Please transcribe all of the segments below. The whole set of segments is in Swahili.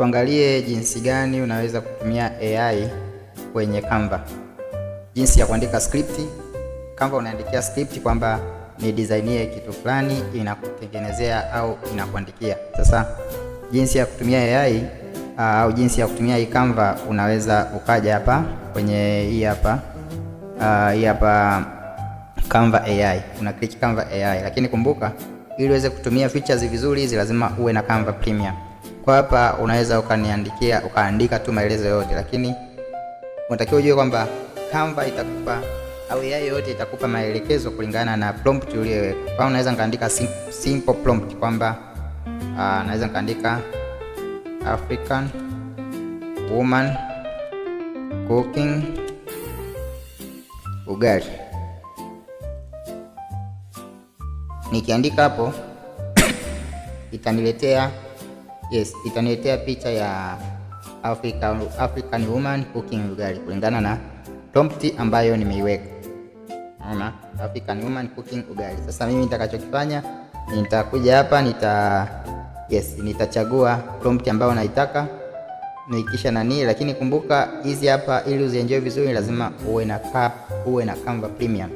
Tuangalie jinsi gani unaweza kutumia AI kwenye Canva. Jinsi ya kuandika script. Canva unaandikia script kwamba ni designie kitu fulani, inakutengenezea au inakuandikia. Sasa jinsi ya kutumia AI au jinsi ya kutumia hii Canva unaweza ukaja hapa kwenye hii hapa hii hapa Canva AI, una click Canva AI, lakini kumbuka ili uweze kutumia features vizuri hizi lazima uwe na Canva Premium. Kwa hapa unaweza ukaniandikia ukaandika tu maelezo yote, lakini unatakiwa ujue kwamba Canva itakupa au AI yote itakupa maelekezo kulingana na prompt uliyoweka. Kwa unaweza nikaandika simple prompt kwamba uh, naweza nikaandika African woman cooking ugali. Nikiandika hapo itaniletea Yes, itaniletea picha ya Africa, African woman cooking ugali kulingana na prompt ambayo nimeiweka. Unaona? African woman cooking ugali. Sasa mimi nitakachokifanya nitakuja hapa nita yes, nitachagua prompt ambayo naitaka nikisha nani, lakini kumbuka hizi hapa, ili uzienjoy vizuri lazima uwe na ka, uwe na Canva Premium.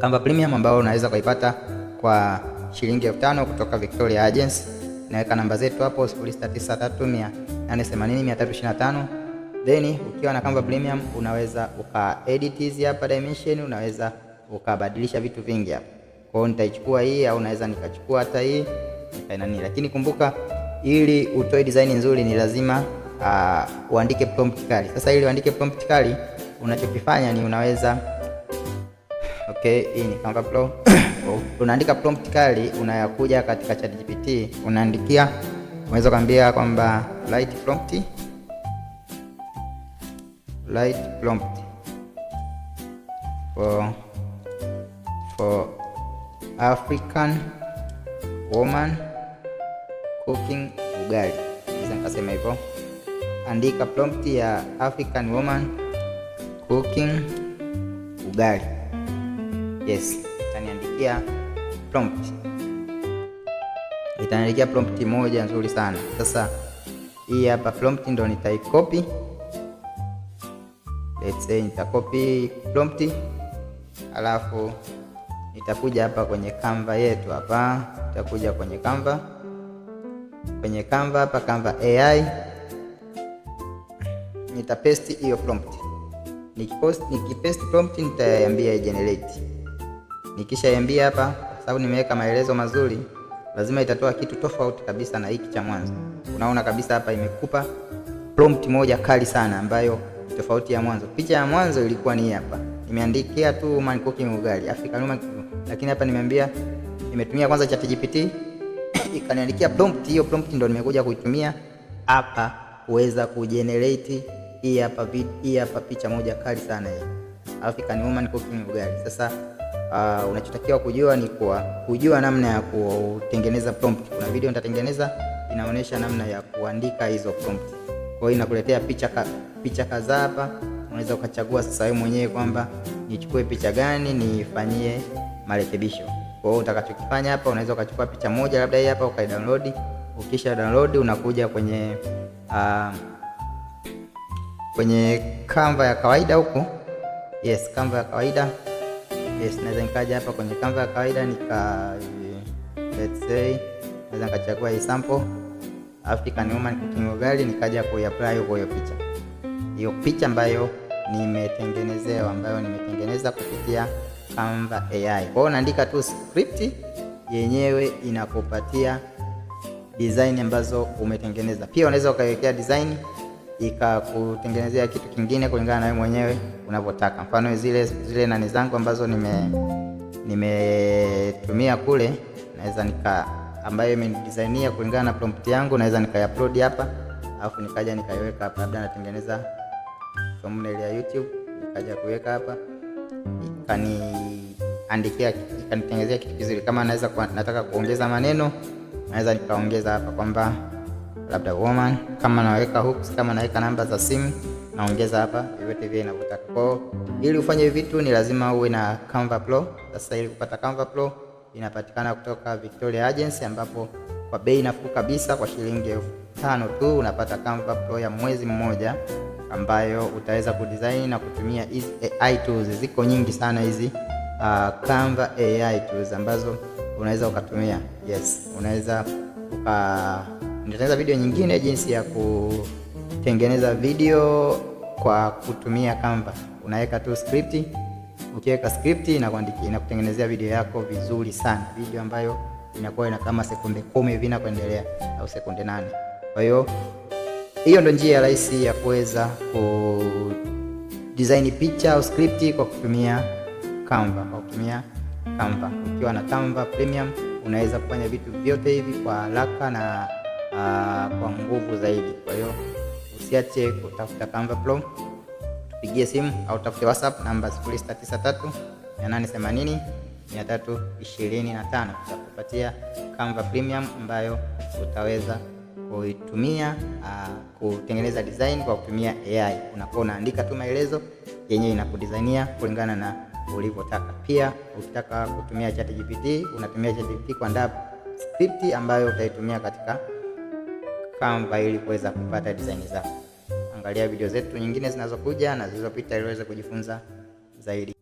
Canva Premium ambayo unaweza kuipata kwa shilingi elfu tano kutoka Victoria Agency naweka namba zetu hapo 0693880325 then ukiwa na Canva Premium unaweza uka edit hizi hapa dimension, unaweza ukabadilisha vitu vingi hapa. Kwa hiyo nitaichukua hii au naweza nikachukua hata hii nikainani, lakini kumbuka ili utoe design nzuri ni lazima uh, uandike prompt kali. Sasa ili uandike prompt kali unachokifanya ni unaweza okay, hii ni Canva Pro example, unaandika prompt kali, unayakuja katika ChatGPT unaandikia, unaweza kuambia kwamba write prompt, write prompt for for African woman cooking ugali. Naweza nikasema hivyo, andika prompt ya African woman cooking ugali. Yes itaniandikia prompt, itaniandikia prompt moja nzuri sana. Sasa hii hapa prompt ndo nitaikopi, let's say nitakopi prompt, alafu nitakuja hapa kwenye Canva yetu hapa, nitakuja kwenye Canva, kwenye Canva hapa, Canva AI nitapesti hiyo prompt. nikipesti nikipaste prompt nitaiambia generate Nikisha Nikishaiambia hapa, sababu nimeweka maelezo mazuri, lazima itatoa kitu tofauti kabisa na hiki cha mwanzo. Unaona kabisa hapa imekupa prompt moja kali sana ambayo tofauti ya mwanzo. Picha ya mwanzo ilikuwa ni hapa, nimeandikia tu human cooking ugali African human lakini hapa nimeambia, nimetumia kwanza chat GPT ikaniandikia prompt. Hiyo prompt ndo nimekuja kuitumia hapa kuweza kujenerate hii hapa hii hapa picha moja kali sana hii African woman cooking ugali. Sasa uh, unachotakiwa kujua ni kwa kujua namna ya kutengeneza prompt. Kuna video nitatengeneza inaonyesha namna ya kuandika hizo prompt. Kwa hiyo inakuletea picha ka, picha kadhaa hapa, unaweza ukachagua sasa wewe mwenyewe kwamba nichukue picha gani nifanyie marekebisho. Kwa hiyo utakachokifanya hapa, unaweza ukachukua picha moja labda hii hapa ukaidownload. Ukisha download unakuja kwenye uh, kwenye Canva ya kawaida huku. Yes, Canva ya kawaida yes, naweza nikaja hapa kwenye Canva ya kawaida nika let's say naweza nikachagua hii sample African woman cooking ugali nikaja apply huko hiyo picha, hiyo picha ambayo nimetengenezewa, ambayo nimetengeneza kupitia Canva AI. Kwa hiyo naandika tu script yenyewe inakupatia design ambazo umetengeneza. Pia unaweza ukaiwekea design ikakutengenezea kitu kingine kulingana na wewe mwenyewe unavyotaka. Mfano zile zile nani zangu ambazo nime nimetumia kule, naweza nika ambayo imenidisainia kulingana na prompt yangu, naweza nikaiupload hapa, alafu nikaja nikaiweka hapa, labda natengeneza thumbnail ya YouTube, nikaja kuweka hapa, ikaniandikia ikanitengenezea kitu kizuri. Kama naweza nataka kuongeza maneno, naweza nikaongeza hapa kwamba labda woman, kama naweka hooks, kama naweka namba za simu naongeza hapa yote vile inavyotaka. Kwa ili ufanye vitu ni lazima uwe na Canva Pro. Sasa ili kupata Canva Pro inapatikana kutoka Victoria Agency, ambapo kwa bei nafuu kabisa kwa shilingi elfu tano tu unapata Canva Pro ya mwezi mmoja ambayo utaweza kudesign na kutumia hizi AI tools. Ziko nyingi sana hizi uh, Canva AI tools ambazo unaweza ukatumia. Yes, unaweza uka nitatengeneza video nyingine jinsi ya kutengeneza video kwa kutumia Canva. Unaweka tu script, ukiweka script inakutengenezea video yako vizuri sana, video ambayo inakuwa ina kama sekunde kumi hivi na kuendelea au sekunde nane. Kwa hiyo hiyo ndio njia rahisi ya kuweza ku design picha au script kwa kutumia Canva, kwa kutumia Canva. Ukiwa na Canva Premium unaweza kufanya vitu vyote hivi kwa haraka na kwa nguvu zaidi. Kwa hiyo usiache kutafuta Pro, tupigie simu au tafute WhatsApp namba 0693 880 tutakupatia Canva Premium ambayo utaweza kuitumia ah, kutengeneza design kwa kutumia AI. Unakuwa unaandika tu maelezo yenye inakudizainia kulingana na ulivyotaka. Pia ukitaka kutumia ChatGPT, unatumia ChatGPT kuandaa script ambayo utaitumia katika Canva ili kuweza kupata design zako. Angalia video zetu nyingine zinazokuja na zilizopita ili uweze kujifunza zaidi.